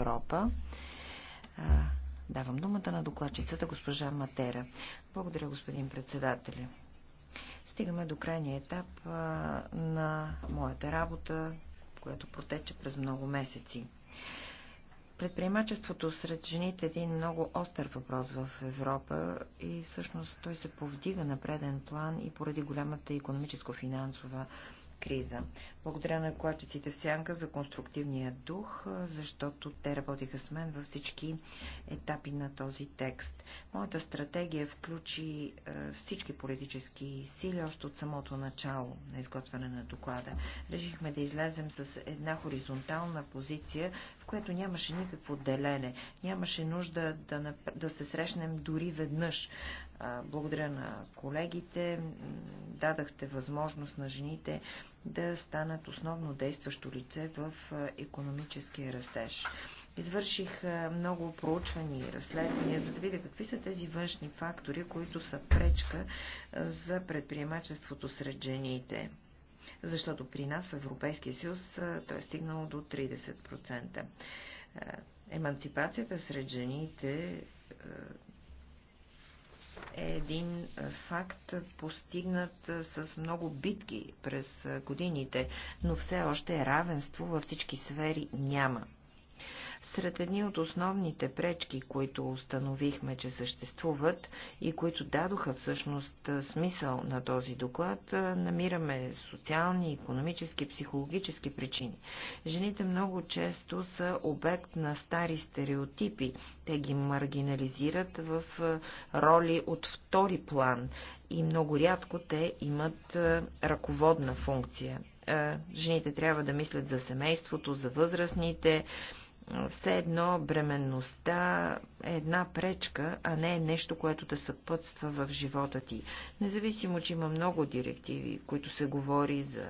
Европа. Давам думата на докладчицата госпожа Матера. Благодаря, господин председател. Стигаме до крайния етап на моята работа, която протече през много месеци. Предприемачеството сред жените е един много остър въпрос в Европа и всъщност той се повдига на преден план и поради голямата економическо-финансова криза. Благодаря на клачеците в Сянка за конструктивния дух, защото те работиха с мен във всички етапи на този текст. Моята стратегия включи всички политически сили още от самото начало на изготвяне на доклада. Решихме да излезем с една хоризонтална позиция, в която нямаше никакво деление, нямаше нужда да, да се срещнем дори веднъж. Благодаря на колегите. Дадахте възможност на жените да станат основно действащо лице в економическия растеж. Извърших много проучвани и разследвания, за да видя какви са тези външни фактори, които са пречка за предприемачеството сред жените. Защото при нас в Европейския съюз то е стигнало до 30%. Еманципацията сред жените е един факт постигнат с много битки през годините, но все още равенство във всички сфери няма. Сред едни от основните пречки, които установихме, че съществуват и които дадоха всъщност смисъл на този доклад, намираме социални, економически, психологически причини. Жените много често са обект на стари стереотипи. Те ги маргинализират в роли от втори план и много рядко те имат ръководна функция. Жените трябва да мислят за семейството, за възрастните, все едно бременността е една пречка, а не е нещо, което да съпътства в живота ти. Независимо, че има много директиви, които се говори за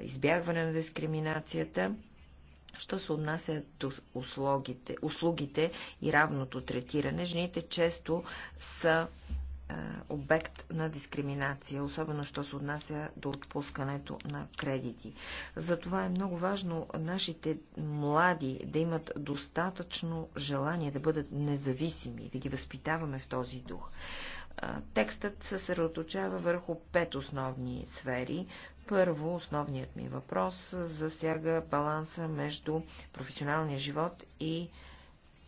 избягване на дискриминацията, Що се отнася до услугите, услугите и равното третиране, жените често са е, обект на дискриминация, особено що се отнася до отпускането на кредити. Затова е много важно нашите млади да имат достатъчно желание да бъдат независими, да ги възпитаваме в този дух. Е, текстът се съсредоточава върху пет основни сфери. Първо, основният ми въпрос засяга баланса между професионалния живот и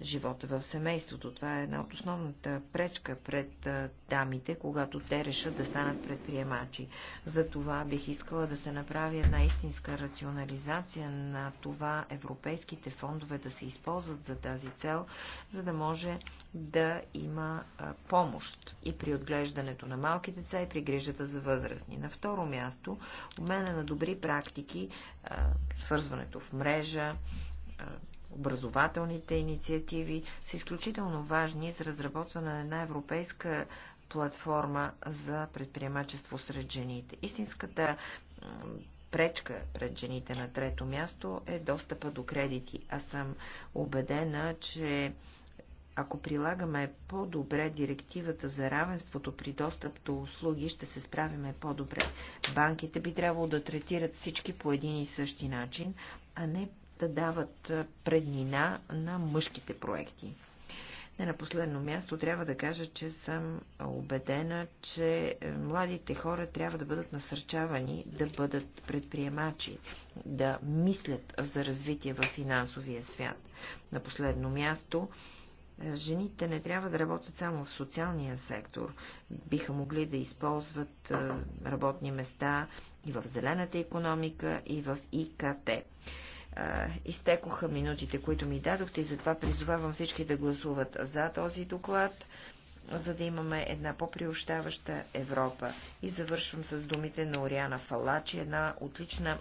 живота в семейството. Това е една от основната пречка пред дамите, когато те решат да станат предприемачи. За това бих искала да се направи една истинска рационализация на това европейските фондове да се използват за тази цел, за да може да има помощ и при отглеждането на малки деца и при грижата за възрастни. На второ място, обмена на добри практики, свързването в мрежа, образователните инициативи са изключително важни за разработване на една европейска платформа за предприемачество сред жените. Истинската пречка пред жените на трето място е достъпа до кредити. Аз съм убедена, че ако прилагаме по-добре директивата за равенството при достъп до услуги, ще се справиме по-добре. Банките би трябвало да третират всички по един и същи начин, а не да дават преднина на мъжките проекти. Не на последно място трябва да кажа, че съм убедена, че е, младите хора трябва да бъдат насърчавани да бъдат предприемачи, да мислят за развитие в финансовия свят. На последно място е, жените не трябва да работят само в социалния сектор. Биха могли да използват е, работни места и в зелената економика, и в ИКТ а, изтекоха минутите, които ми дадохте и затова призовавам всички да гласуват за този доклад, за да имаме една по-приощаваща Европа. И завършвам с думите на Ориана Фалачи, една отлична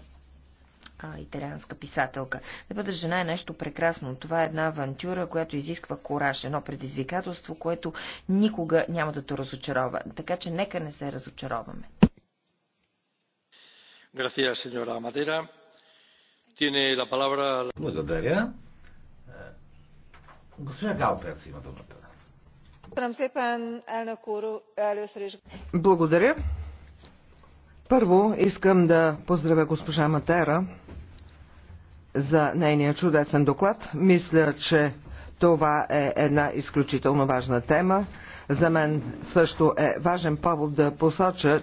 а, италианска писателка. Да бъда жена е нещо прекрасно. Това е една авантюра, която изисква кораж, едно предизвикателство, което никога няма да те разочарова. Така че нека не се разочароваме. Gracias, señora Matera. Благодаря. Е, госпожа Галперц има думата. Благодаря. Първо искам да поздравя госпожа Матера за нейния чудесен доклад. Мисля, че това е една изключително важна тема. За мен също е важен повод да посоча,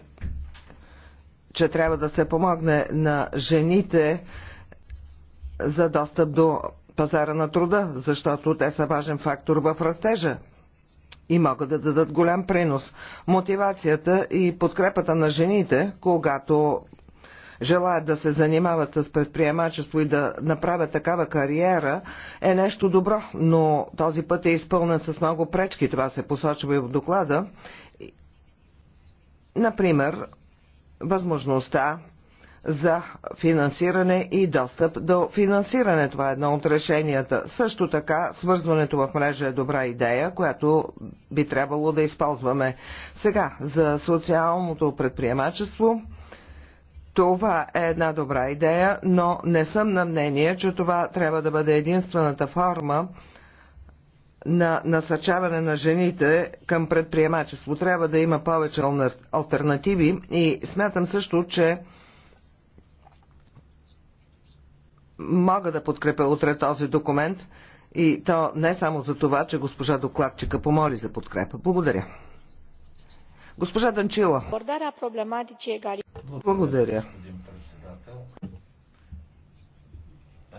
че трябва да се помогне на жените за достъп до пазара на труда, защото те са важен фактор в растежа и могат да дадат голям принос. Мотивацията и подкрепата на жените, когато желаят да се занимават с предприемачество и да направят такава кариера, е нещо добро, но този път е изпълнен с много пречки, това се посочва и в доклада. Например, възможността за финансиране и достъп до финансиране. Това е едно от решенията. Също така, свързването в мрежа е добра идея, която би трябвало да използваме. Сега, за социалното предприемачество. Това е една добра идея, но не съм на мнение, че това трябва да бъде единствената форма, на насъчаване на жените към предприемачество. Трябва да има повече альтернативи и смятам също, че мога да подкрепя утре този документ и то не само за това, че госпожа докладчика помоли за подкрепа. Благодаря. Госпожа Данчила. Е Благодаря.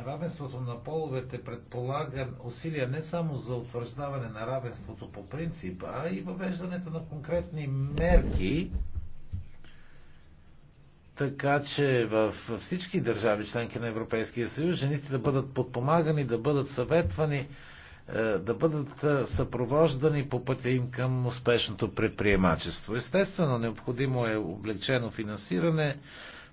Равенството на половете предполага усилия не само за утвърждаване на равенството по принцип, а и въвеждането на конкретни мерки, така че в всички държави, членки на Европейския съюз, жените да бъдат подпомагани, да бъдат съветвани, е, да бъдат е, съпровождани по пътя им към успешното предприемачество. Естествено, необходимо е облегчено финансиране,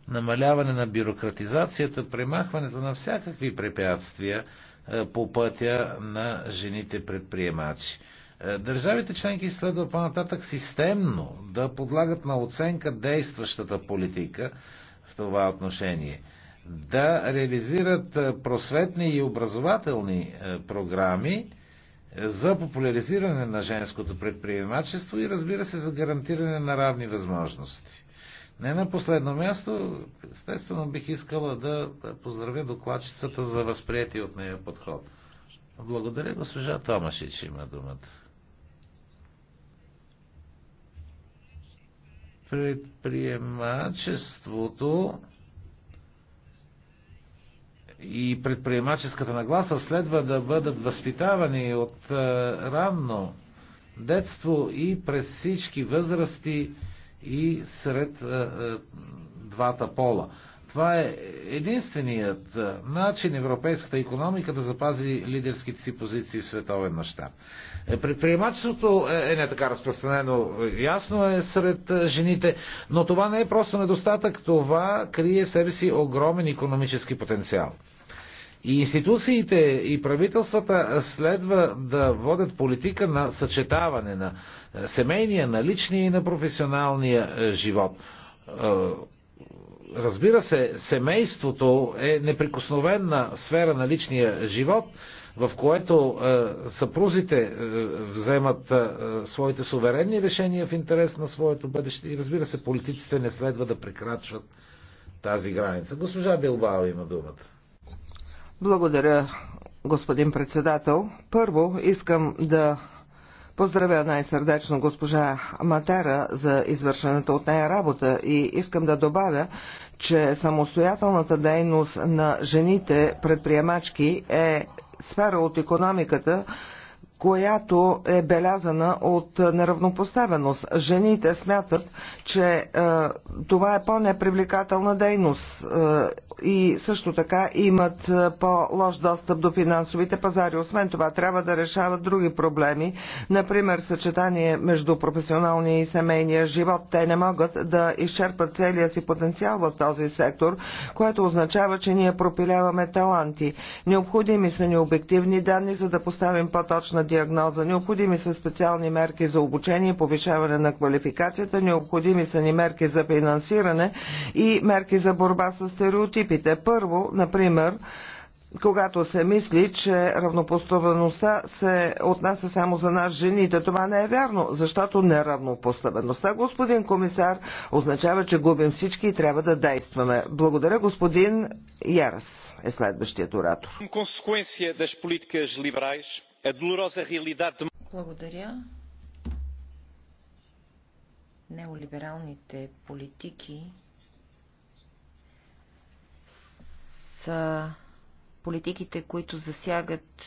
намаляване на бюрократизацията, премахването на всякакви препятствия е, по пътя на жените предприемачи. Е, държавите членки следва по-нататък системно да подлагат на оценка действащата политика в това отношение, да реализират е, просветни и образователни е, програми за популяризиране на женското предприемачество и разбира се за гарантиране на равни възможности. Не на последно място, естествено бих искала да поздравя докладчицата за възприятие от нея подход. Благодаря, госпожа Томашич има думата. предприемачеството и предприемаческата нагласа следва да бъдат възпитавани от е, ранно детство и през всички възрасти и сред е, е, двата пола. Това е единственият начин европейската економика да запази лидерските си позиции в световен мащаб. Е, предприемачеството е, е не така разпространено, ясно е сред жените, но това не е просто недостатък, това крие в себе си огромен економически потенциал. И институциите и правителствата следва да водят политика на съчетаване на семейния, на личния и на професионалния живот Разбира се, семейството е неприкосновена сфера на личния живот, в което е, съпрузите е, вземат е, своите суверенни решения в интерес на своето бъдеще и разбира се, политиците не следва да прекрачват тази граница. Госпожа Билбао има думата. Благодаря, господин председател. Първо искам да Поздравя най-сърдечно госпожа Матера за извършената от нея работа и искам да добавя, че самостоятелната дейност на жените предприемачки е сфера от економиката, която е белязана от неравнопоставеност. Жените смятат, че е, това е по-непривлекателна дейност. Е, и също така имат по-лош достъп до финансовите пазари. Освен това, трябва да решават други проблеми, например съчетание между професионалния и семейния живот. Те не могат да изчерпат целия си потенциал в този сектор, което означава, че ние пропиляваме таланти. Необходими са ни обективни данни, за да поставим по-точна диагноза. Необходими са специални мерки за обучение, повишаване на квалификацията. Необходими са ни мерки за финансиране и мерки за борба с стереотипи принципите. Първо, например, когато се мисли, че равнопоставеността се отнася само за нас жените. Това не е вярно, защото неравнопоставеността, господин комисар, означава, че губим всички и трябва да действаме. Благодаря, господин Ярас е следващият оратор. Благодаря. Неолибералните политики са политиките, които засягат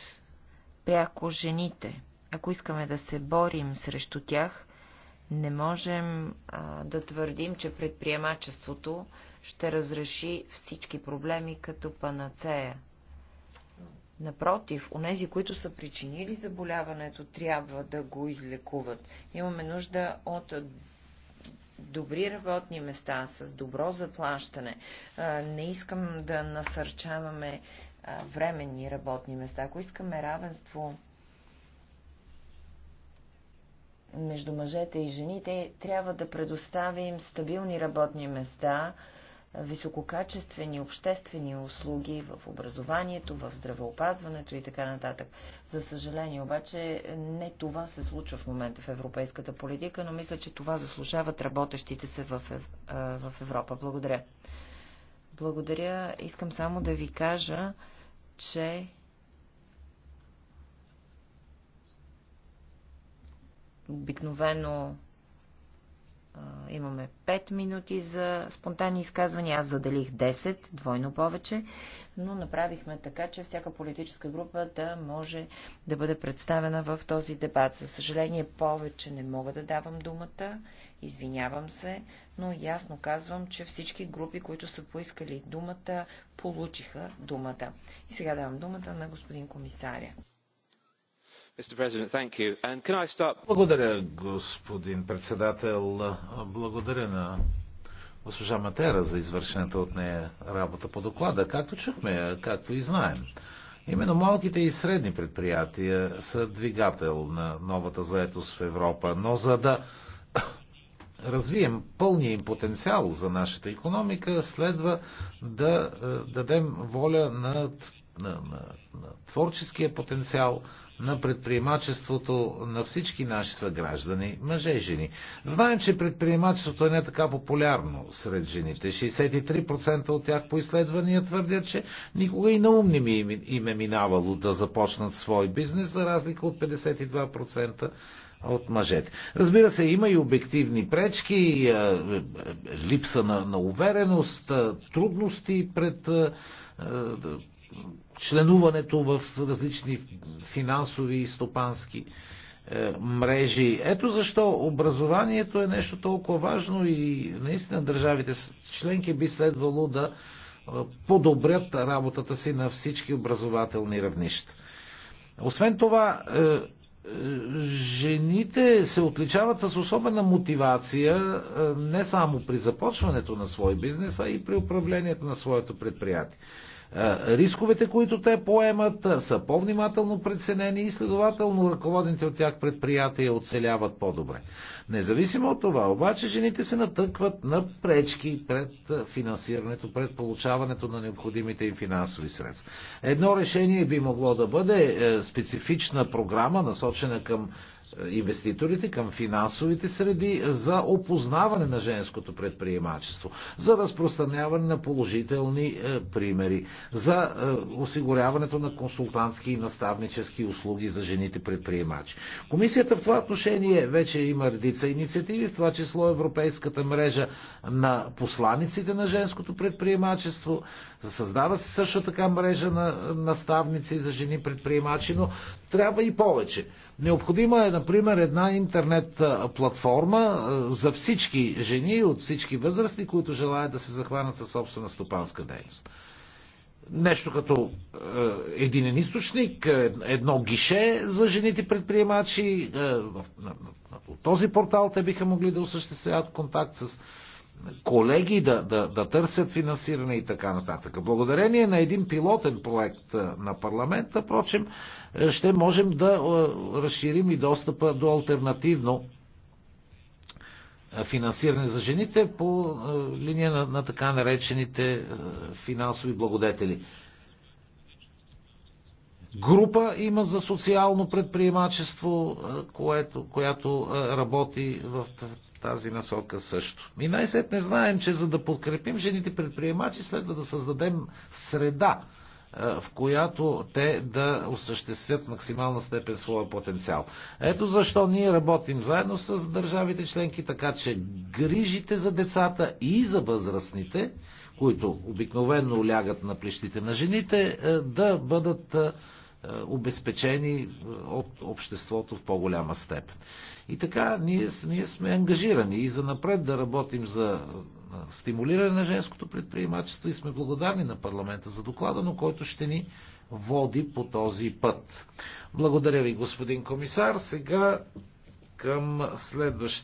пряко жените. Ако искаме да се борим срещу тях, не можем а, да твърдим, че предприемачеството ще разреши всички проблеми като панацея. Напротив, онези, които са причинили заболяването, трябва да го излекуват. Имаме нужда от добри работни места, с добро заплащане. Не искам да насърчаваме временни работни места. Ако искаме равенство между мъжете и жените, трябва да предоставим стабилни работни места, висококачествени обществени услуги в образованието, в здравеопазването и така нататък. За съжаление обаче не това се случва в момента в европейската политика, но мисля, че това заслужават работещите се в, в Европа. Благодаря. Благодаря. Искам само да ви кажа, че обикновено имаме 5 минути за спонтанни изказвания. Аз заделих 10, двойно повече, но направихме така, че всяка политическа група да може да бъде представена в този дебат. За съжаление, повече не мога да давам думата, извинявам се, но ясно казвам, че всички групи, които са поискали думата, получиха думата. И сега давам думата на господин комисаря. Благодаря, господин председател. Благодаря на госпожа Матера за извършената от нея работа по доклада, както чухме, както и знаем. Именно малките и средни предприятия са двигател на новата заетост в Европа, но за да развием пълния им потенциал за нашата економика, следва да е, дадем воля на на, на, на творческия потенциал, на предприемачеството на всички наши съграждани, мъже и жени. Знаем, че предприемачеството е не така популярно сред жените. 63% от тях по изследвания твърдят, че никога и умни ми им е минавало да започнат свой бизнес, за разлика от 52% от мъжете. Разбира се, има и обективни пречки, липса на, на увереност, трудности пред членуването в различни финансови и стопански е, мрежи. Ето защо образованието е нещо толкова важно и наистина държавите членки би следвало да е, подобрят работата си на всички образователни равнища. Освен това, е, жените се отличават с особена мотивация не само при започването на свой бизнес, а и при управлението на своето предприятие. Е, рисковете, които те поемат, е, са по-внимателно преценени и следователно ръководните от тях предприятия оцеляват по-добре. Независимо от това, обаче, жените се натъкват на пречки пред е, финансирането, пред получаването на необходимите им финансови средства. Едно решение би могло да бъде специфична програма, насочена към инвеститорите, към финансовите среди за опознаване на женското предприемачество, за разпространяване на положителни е, примери, за е, осигуряването на консултантски и наставнически услуги за жените предприемачи. Комисията в това отношение вече има редица инициативи, в това число Европейската мрежа на посланиците на женското предприемачество. Създава се също така мрежа на наставници за жени предприемачи, но трябва и повече. Необходима е, например, една интернет платформа за всички жени от всички възрастни, които желаят да се захванат със собствена стопанска дейност. Нещо като единен един източник, едно гише за жените предприемачи. в, този портал те биха могли да осъществяват контакт с колеги да, да, да търсят финансиране и така нататък. Благодарение на един пилотен проект на парламента, впрочем, ще можем да разширим и достъпа до альтернативно финансиране за жените по линия на, на така наречените финансови благодетели група има за социално предприемачество, е, което, която е, работи в тази насока също. И най-сетне знаем, че за да подкрепим жените предприемачи, следва да създадем среда, е, в която те да осъществят в максимална степен своя потенциал. Ето защо ние работим заедно с държавите членки, така че грижите за децата и за възрастните, които обикновено лягат на плещите на жените, да бъдат е, обезпечени е, от обществото в по-голяма степен. И така, ние, ние сме ангажирани и за напред да работим за е, стимулиране на женското предприемачество и сме благодарни на парламента за доклада, но който ще ни води по този път. Благодаря ви, господин комисар. Сега към следващия.